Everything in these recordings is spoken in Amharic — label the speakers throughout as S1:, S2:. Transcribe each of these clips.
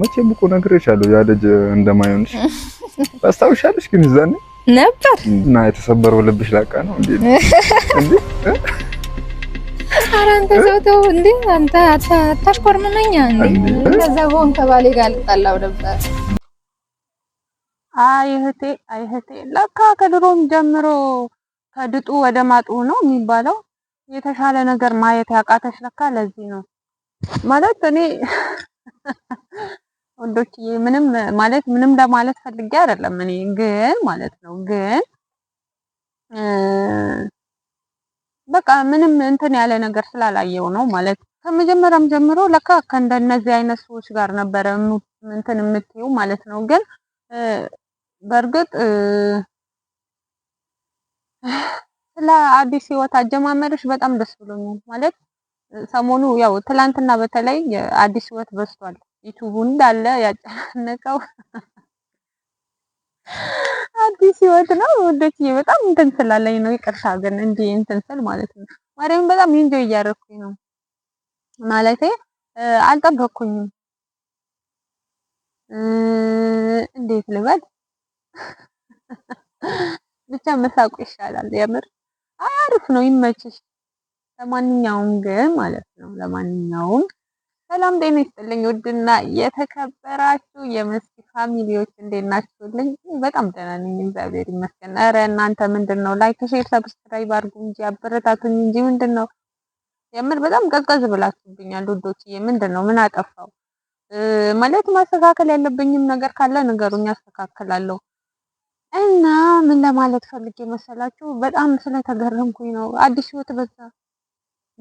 S1: መቼም እኮ ነግሬሻለሁ ያ ልጅ እንደማይሆንሽ ታስታውሻለሽ። ግን እዛኔ ነበር እና የተሰበረው ልብሽ ላቃ ነው እንዴ? እንዴ?
S2: ኧረ አንተ ሰው ተው እንዴ! አንተ አታሽኮርምመኛ እንዴ? ከዛ በሆን ከባሌ ጋር ልጣላው ነበር። አይ እህቴ፣ አይ እህቴ፣ ለካ ከድሮም ጀምሮ ከድጡ ወደ ማጡ ነው የሚባለው። የተሻለ ነገር ማየት ያቃተሽ ለካ ለዚህ ነው ማለት እኔ ወንዶች ምንም ማለት ምንም ለማለት ፈልጌ አይደለም። እኔ ግን ማለት ነው ግን በቃ ምንም እንትን ያለ ነገር ስላላየው ነው ማለት ከመጀመሪያም ጀምሮ ለካ ከእንደነዚህ አይነት ሰዎች ጋር ነበረ እንትን የምትዩ ማለት ነው። ግን በእርግጥ ስለ አዲስ ህይወት አጀማመርሽ በጣም ደስ ብሎኛል ማለት ሰሞኑ ያው ትላንትና በተለይ አዲስ ህይወት በዝቷል። ዩቱቡ እንዳለ ያጨናነቀው አዲስ ህይወት ነው። ወደች በጣም እንትን ስላለኝ ነው። ይቅርታ ግን እንዲ እንትን ስል ማለት ነው ማርያም በጣም ኢንጆይ እያደረኩኝ ነው ማለቴ አልጠበኩኝም። እንዴት ልበል ብቻ መሳቁ ይሻላል። የምር አሪፍ ነው። ይመችሽ። ለማንኛውም ግን ማለት ነው ለማንኛውም ሰላም ጤና ይስጥልኝ። ውድና የተከበራችሁ የመስኪ ፋሚሊዎች እንዴት ናችሁልኝ? በጣም ደህና ነኝ እግዚአብሔር ይመስገን። ኧረ እናንተ ምንድን ነው ላይክ፣ ሼር፣ ሰብስክራይብ አድርጉ እንጂ አበረታቱኝ እንጂ ምንድን ነው የምር በጣም ቀዝቀዝ ብላችሁብኛል ውዶችዬ። ምንድን ነው ምን አጠፋው ማለት ማስተካከል ያለብኝም ነገር ካለ ንገሩኝ፣ አስተካክላለሁ። እና ምን ለማለት ፈልጌ መሰላችሁ በጣም ስለተገረምኩኝ ነው። አዲስ ህይወት በዛ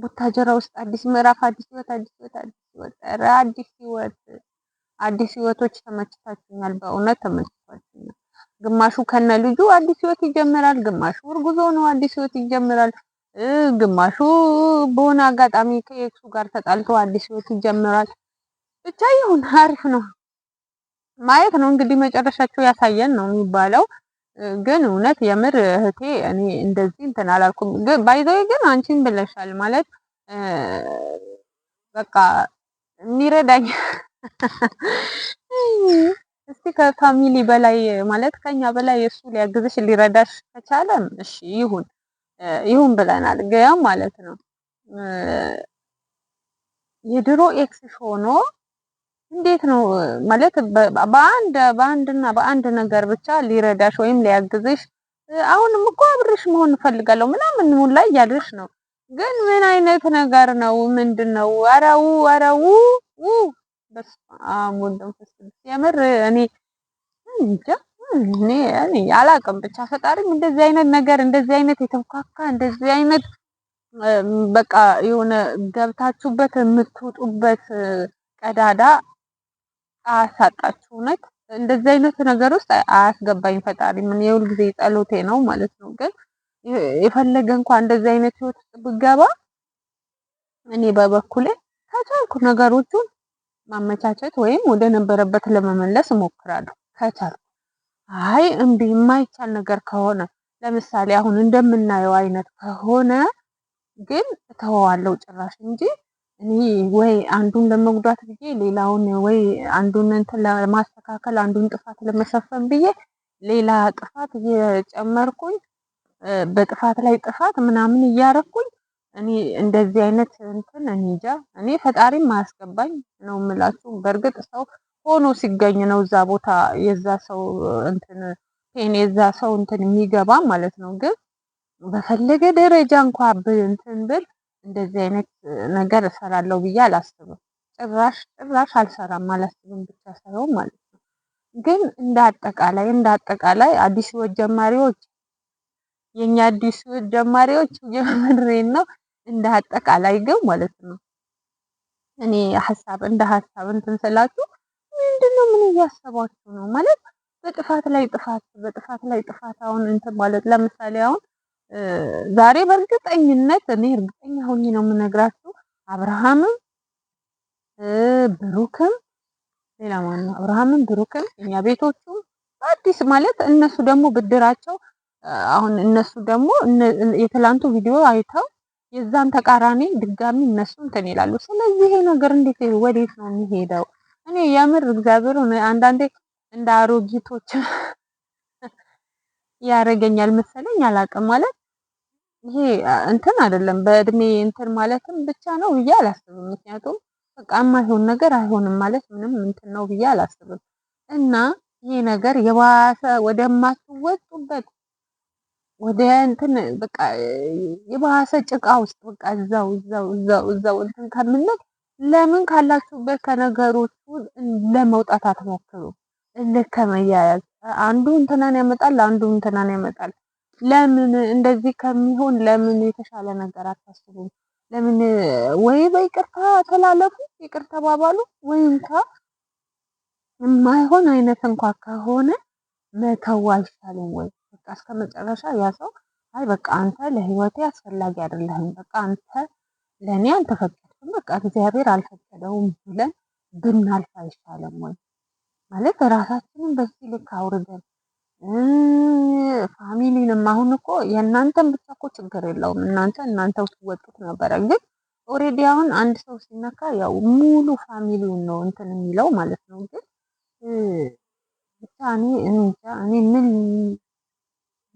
S2: ቡታጀራ ውስጥ አዲስ ምዕራፍ፣ አዲስ ህይወት፣ አዲስ ህይወት፣ አዲስ ኧረ አዲስ ህይወት አዲስ ህይወቶች ተመችታችኛል። በእውነት ተመችቷችኛል። ግማሹ ከነ ልጁ አዲስ ህይወት ይጀምራል፣ ግማሹ እርጉዞ ነው አዲስ ህይወት ይጀምራል፣ ግማሹ በሆነ አጋጣሚ ከኤክሱ ጋር ተጣልቶ አዲስ ህይወት ይጀምራል። ብቻ ይሁን አሪፍ ነው ማየት ነው እንግዲህ መጨረሻቸው ያሳየን ነው የሚባለው። ግን እውነት የምር እህቴ እኔ እንደዚህ እንትን አላልኩም። ባይዘዌ ግን አንቺን ብለሻል ማለት በቃ የሚረዳኝ እስቲ ከፋሚሊ በላይ ማለት ከኛ በላይ እሱ ሊያግዝሽ ሊረዳሽ ከቻለም እሺ ይሁን ይሁን ብለናል። ገያም ማለት ነው የድሮ ኤክስሽ ሆኖ እንዴት ነው ማለት በአንድ በአንድና በአንድ ነገር ብቻ ሊረዳሽ ወይም ሊያግዝሽ አሁንም እኮ አብሬሽ መሆን እፈልጋለሁ ምናምን ላይ እያለሽ ነው ግን ምን አይነት ነገር ነው? ምንድን ነው? አረው አረው ኡ በስመ አብ ወወልድ ወመንፈስ ቅዱስ። የምር እኔ እንጃ እኔ እኔ አላውቅም። ብቻ ፈጣሪም እንደዚህ አይነት ነገር እንደዚህ አይነት የተንኳካ እንደዚህ አይነት በቃ የሆነ ገብታችሁበት የምትወጡበት ቀዳዳ አያሳጣችሁ። እውነት እንደዚህ አይነት ነገር ውስጥ አያስገባኝ ፈጣሪ። ምን የሁል ጊዜ ጸሎቴ ነው ማለት ነው ግን የፈለገ እንኳን እንደዚህ አይነት ህይወት ውስጥ ብገባ እኔ በበኩሌ ከቻልኩ ነገሮቹን ማመቻቸት ወይም ወደ ነበረበት ለመመለስ እሞክራለሁ ከቻልኩ። አይ እምቢ የማይቻል ነገር ከሆነ ለምሳሌ አሁን እንደምናየው አይነት ከሆነ ግን እተወዋለሁ ጭራሽ እንጂ እኔ ወይ አንዱን ለመጉዳት ብዬ ሌላውን ወይ አንዱን እንትን ለማስተካከል አንዱን ጥፋት ለመሸፈን ብዬ ሌላ ጥፋት እየጨመርኩኝ በጥፋት ላይ ጥፋት ምናምን እያረኩኝ እኔ እንደዚህ አይነት እንትን እንጃ እኔ ፈጣሪም አያስገባኝ ነው የምላችሁ። በእርግጥ ሰው ሆኖ ሲገኝ ነው እዛ ቦታ የዛ ሰው እንትን ፔን የዛ ሰው እንትን የሚገባ ማለት ነው። ግን በፈለገ ደረጃ እንኳ እንትን ብል እንደዚህ አይነት ነገር እሰራለሁ ብዬ አላስብም። ጭራሽ ጭራሽ አልሰራም አላስብም ብቻ ሳይሆን ማለት ነው። ግን እንደ አጠቃላይ እንደ አጠቃላይ አዲስ ህይወት ጀማሪዎች የኛ አዲስ ጀማሪዎች የምሬን ነው። እንደ አጠቃላይ ግን ማለት ነው እኔ ሀሳብ እንደ ሀሳብ እንትን ስላችሁ ምንድነው ምን እያሰባችሁ ነው ማለት በጥፋት ላይ ጥፋት በጥፋት ላይ ጥፋት አሁን እንትን ማለት ለምሳሌ አሁን ዛሬ በእርግጠኝነት እኔ እርግጠኛ ሆኜ ነው የምነግራችሁ አብርሃምም ብሩክም ሌላ ማን ነው አብርሃምም ብሩክም የኛ ቤቶቹም አዲስ ማለት እነሱ ደግሞ ብድራቸው አሁን እነሱ ደግሞ የትላንቱ ቪዲዮ አይተው የዛን ተቃራኒ ድጋሚ እነሱ እንትን ይላሉ። ስለዚህ ይሄ ነገር እንዴት ወዴት ነው የሚሄደው? እኔ የምር እግዚአብሔር አንዳንዴ እንደ አሮጊቶች ያደርገኛል መሰለኝ አላቅም። ማለት ይሄ እንትን አይደለም በእድሜ እንትን ማለትም ብቻ ነው ብዬ አላስብም። ምክንያቱም በቃ የማይሆን ነገር አይሆንም ማለት ምንም እንትን ነው ብዬ አላስብም እና ይሄ ነገር የባሰ ወደማትወጡበት ወደ እንትን በቃ የባሰ ጭቃ ውስጥ በቃ እዛው እዛው እዛው እዛው እንትን ከምንል ለምን ካላችሁበት ከነገሮቹ ለመውጣት አትሞክሩ። እልክ ከመያያዝ አንዱ እንትናን ያመጣል፣ አንዱ እንትናን ያመጣል። ለምን እንደዚህ ከሚሆን ለምን የተሻለ ነገር አታስቡም? ለምን ወይ በይቅርታ ተላለፉ፣ ይቅርታ ባባሉ ወይ እንኳ የማይሆን አይነት እንኳ ከሆነ መተው አይሻልም ወይ? እስከ መጨረሻ ያ ሰው አይ በቃ አንተ ለህይወቴ አስፈላጊ አይደለህም፣ በቃ አንተ ለእኔ አልተፈቀድክም፣ በቃ እግዚአብሔር አልፈቀደውም ብለን ብናልፍ አይሻልም ወይ? ማለት ራሳችንን በዚህ ልክ አውርደን ፋሚሊንም አሁን እኮ የእናንተን ብቻ እኮ ችግር የለውም እናንተ እናንተው ትወጡት ነበረ። ግን ኦሬዲ አሁን አንድ ሰው ሲነካ ያው ሙሉ ፋሚሊውን ነው እንትን የሚለው ማለት ነው። ግን ብቻ እኔ እንጃ እኔ ምን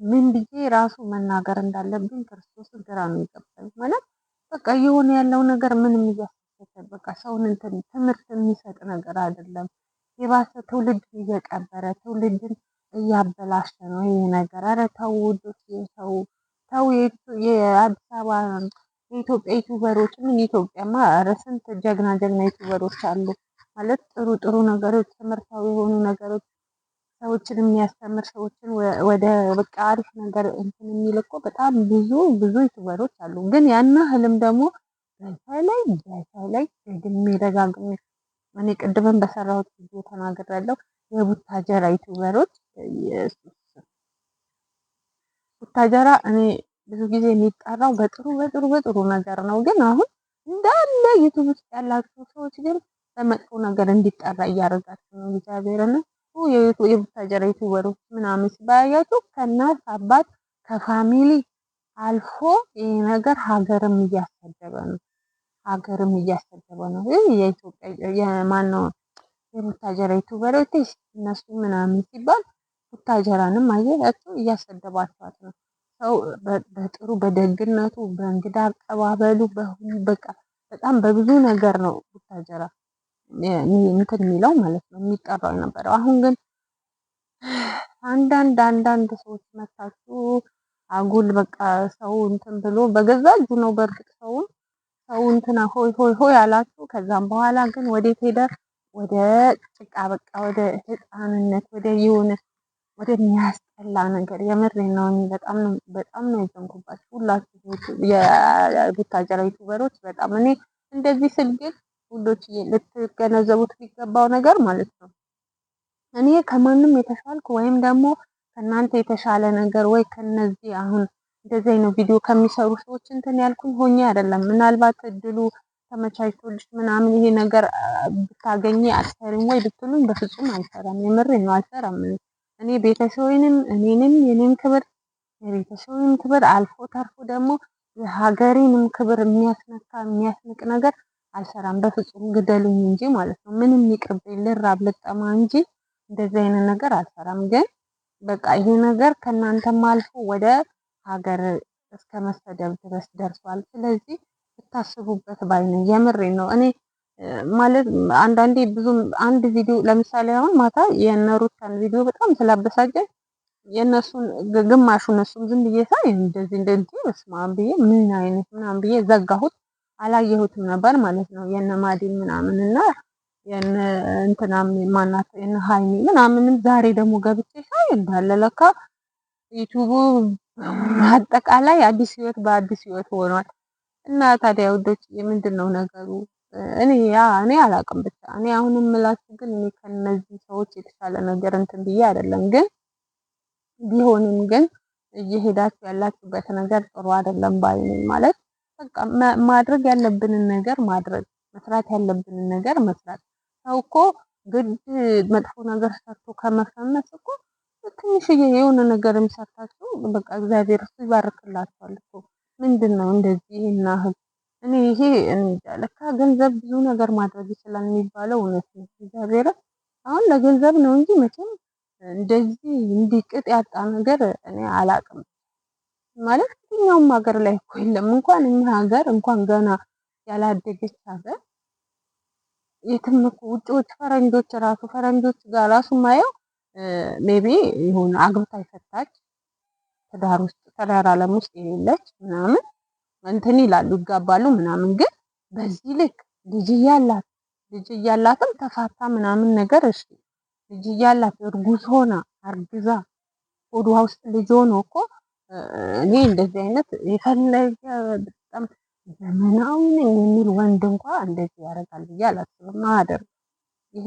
S2: ምን ብዬ ራሱ መናገር እንዳለብኝ ክርስቶስ ግራ ነው የገባኝ። ማለት በቃ የሆነ ያለው ነገር ምንም እያስደሰተ በቃ ሰውን እንትን ትምህርት የሚሰጥ ነገር አይደለም። የባሰ ትውልድን እየቀበረ ትውልድን እያበላሸ ነው ይህ ነገር። ኧረ ተው ውዶች፣ ተው ተው። የአዲስ አበባ የኢትዮጵያ ዩቱበሮች ምን ኢትዮጵያማ፣ ኧረ ስንት ጀግና ጀግና ዩቱበሮች አሉ ማለት ጥሩ ጥሩ ነገሮች፣ ትምህርታዊ የሆኑ ነገሮች ሰዎችን የሚያስተምር ሰዎችን ወደ በቃ አሪፍ ነገር እንትን የሚል እኮ በጣም ብዙ ብዙ ዩቱበሮች አሉ። ግን ያና ህልም ደግሞ በተለይ በተለይ ደግሜ ደጋግሜ እኔ ቅድምን በሰራሁት ጊዜ ተናግሬያለሁ። የቡታጀራ ዩቱበሮች ቡታጀራ እኔ ብዙ ጊዜ የሚጠራው በጥሩ በጥሩ በጥሩ ነገር ነው። ግን አሁን እንዳለ ዩቱብ ውስጥ ያላችሁ ሰዎች ግን በመጥፎ ነገር እንዲጠራ እያደረጋችሁ ነው እግዚአብሔርን የቡታጀራ ዩቲዩበሮች ምናምን ሲባያቸው ከእናት አባት ከፋሚሊ አልፎ ይህ ነገር ሀገርም እያሰደበ ነው። ሀገርም እያሰደበ ነው። የኢትዮጵያ የማነው የቡታጀራ ዩቲዩበሮች እነሱ ምናምን ሲባል ቡታጀራንም አየያቸው እያሰደባቸዋት ነው። ሰው በጥሩ በደግነቱ በእንግዳ አቀባበሉ በሁሉ በቃ በጣም በብዙ ነገር ነው ቡታጀራ እንትን የሚለው ማለት ነው የሚጠራው ነበረው። አሁን ግን አንዳንድ አንዳንድ ሰዎች መታችሁ አጉል በቃ ሰው እንትን ብሎ በገዛ እጁ ነው። በእርግጥ ሰውን ሰው እንትን ሆይ ሆይ ሆይ አላችሁ። ከዛም በኋላ ግን ወዴት ሄደ? ወደ ጭቃ በቃ ወደ ህፃንነት ወደ የሆነ ወደ የሚያስጠላ ነገር። የምሬ ነው። በጣም ነው በጣም ነው ያዘንኩባችሁ ሁላችሁ የቡታጀራ ዩቱበሮች በጣም እኔ እንደዚህ ስል ግን ሁሎች ልትገነዘቡት የሚገባው ነገር ማለት ነው። እኔ ከማንም የተሻልኩ ወይም ደግሞ ከእናንተ የተሻለ ነገር ወይ ከነዚህ አሁን እንደዚህ አይነት ቪዲዮ ከሚሰሩ ሰዎች እንትን ያልኩኝ ሆኜ አይደለም። ምናልባት እድሉ ተመቻችቶልሽ ምናምን ይሄ ነገር ብታገኘ አልሰሪም ወይ ብትሉኝ በፍጹም አልሰራም። የምሬ ነው አልሰራም። እኔ ቤተሰቤንም እኔንም የኔን ክብር የቤተሰብንም ክብር አልፎ ተርፎ ደግሞ የሀገሬንም ክብር የሚያስነካ የሚያስንቅ ነገር አልሰራም። በፍጹም ግደሉኝ እንጂ ማለት ነው። ምንም ይቅርብኝ፣ ልራብ ልጠማ እንጂ እንደዚህ አይነት ነገር አልሰራም። ግን በቃ ይሄ ነገር ከእናንተም አልፎ ወደ ሀገር እስከ መሰደብ ድረስ ደርሷል። ስለዚህ ብታስቡበት ባይ ነው። የምሬ ነው። እኔ ማለት አንዳንዴ ብዙም አንድ ቪዲዮ ለምሳሌ አሁን ማታ የነሩታን ቪዲዮ በጣም ስላበሳጨኝ የእነሱን ግማሹ እነሱም ዝም ብዬ ሳይ እንደዚህ እንደዚህ ስማ ብዬ ምን አይነት ምናምን ብዬ ዘጋሁት። አላየሁትም ነበር ማለት ነው። የነ ማዲን ምናምን እና የነ እንትናም ማናት የነ ሃይሚ ምናምንም ዛሬ ደግሞ ገብቼ ሳይ እንዳለ ለካ ዩቲዩቡ አጠቃላይ አዲስ ህይወት በአዲስ ህይወት ሆኗል። እና ታዲያ ውዶች የምንድን ነው ነገሩ? እኔ ያ እኔ አላቅም ብቻ እኔ አሁንም የምላችሁ ግን እኔ ከነዚህ ሰዎች የተሻለ ነገር እንትን ብዬ አይደለም ግን ቢሆንም ግን እየሄዳችሁ ያላችሁበት ነገር ጥሩ አይደለም ባይኔ ማለት በቃ ማድረግ ያለብንን ነገር ማድረግ፣ መስራት ያለብንን ነገር መስራት። ሰው እኮ ግድ መጥፎ ነገር ሰርቶ ከመፈመስ እኮ ትንሽዬ የሆነ ነገርም ሰርታችሁ በቃ እግዚአብሔር እሱ ይባርክላችኋል እኮ። ምንድን ነው እንደዚህ ይሄና ህግ እኔ ይሄ እንጃ። ለካ ገንዘብ ብዙ ነገር ማድረግ ይችላል የሚባለው እውነት ነው። እግዚአብሔር አሁን ለገንዘብ ነው እንጂ መቼም እንደዚህ እንዲቅጥ ያጣ ነገር እኔ አላቅም። ማለት የትኛውም ሀገር ላይ እኮ የለም። እንኳን እኛ ሀገር እንኳን ገና ያላደገች ሀገር የትም ውጭዎች ፈረንጆች ራሱ ፈረንጆች ጋር ራሱ ማየው ሜቢ ይሁን አግብታ ይፈታች ትዳር ውስጥ ትዳር አለም ውስጥ የሌለች ምናምን እንትን ይላሉ ይጋባሉ ምናምን። ግን በዚህ ልክ ልጅ እያላት ልጅ እያላትም ተፋታ ምናምን ነገር እሺ፣ ልጅ እያላት እርጉዝ ሆና አርግዛ ሆዷ ውስጥ ልጅ ሆኖ እኮ እኔ እንደዚህ አይነት የፈለገ በጣም ዘመናዊ ነኝ የሚል ወንድ እንኳ እንደዚህ ያደርጋል ብዬ አላስብም። አደር ይሄ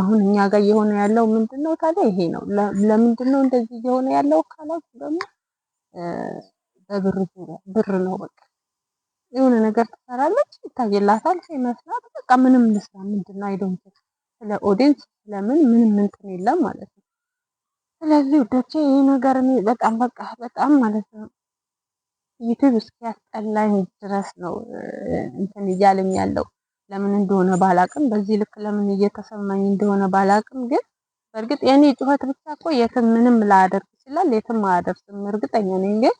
S2: አሁን እኛ ጋር እየሆነ ያለው ምንድን ነው ታዲያ? ይሄ ነው። ለምንድን ነው እንደዚህ እየሆነ ያለው ካላችሁ ደግሞ በብር ዙሪያ ብር ነው። በቃ የሆነ ነገር ትሰራለች፣ ይታየላታል፣ ይመስላት በቃ ምንም ልስራ ምንድን ነው አይደንኩ ስለ ኦዲየንስ ስለምን ምንም ምንትን የለም ማለት ነው። ስለዚህ ውዶቼ ይህ ነገር እኔ በጣም በቃ በጣም ማለት ነው እስኪ እስኪያስጠላኝ ድረስ ነው እንትን እያለኝ ያለው። ለምን እንደሆነ ባላቅም፣ በዚህ ልክ ለምን እየተሰማኝ እንደሆነ ባላቅም፣ ግን በእርግጥ የኔ ጩኸት ብቻ እኮ የትም ምንም ላደርግ ይችላል፣ የትም አያደርስም። እርግጠኛ ነኝ። ግን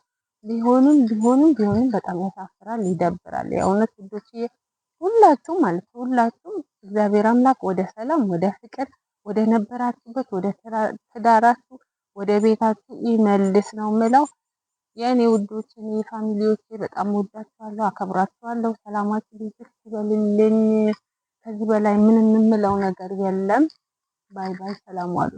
S2: ቢሆንም ቢሆንም ቢሆንም በጣም ያሳፍራል፣ ይደብራል። የእውነት ውዶቼ ሁላችሁም ማለት ሁላችሁም እግዚአብሔር አምላክ ወደ ሰላም፣ ወደ ፍቅር፣ ወደ ነበራችሁበት ወደ ትዳራችሁ ወደ ቤታችሁ ይመልስ ነው ምለው የእኔ ውዶች፣ እኔ ፋሚሊዎቼ በጣም ወዳችኋለሁ፣ አከብራችኋለሁ። ሰላማችሁ ይብዛ ይበልልኝ። ከዚህ በላይ ምን የምለው ነገር የለም። ባይ ባይ። ሰላም ዋሉ።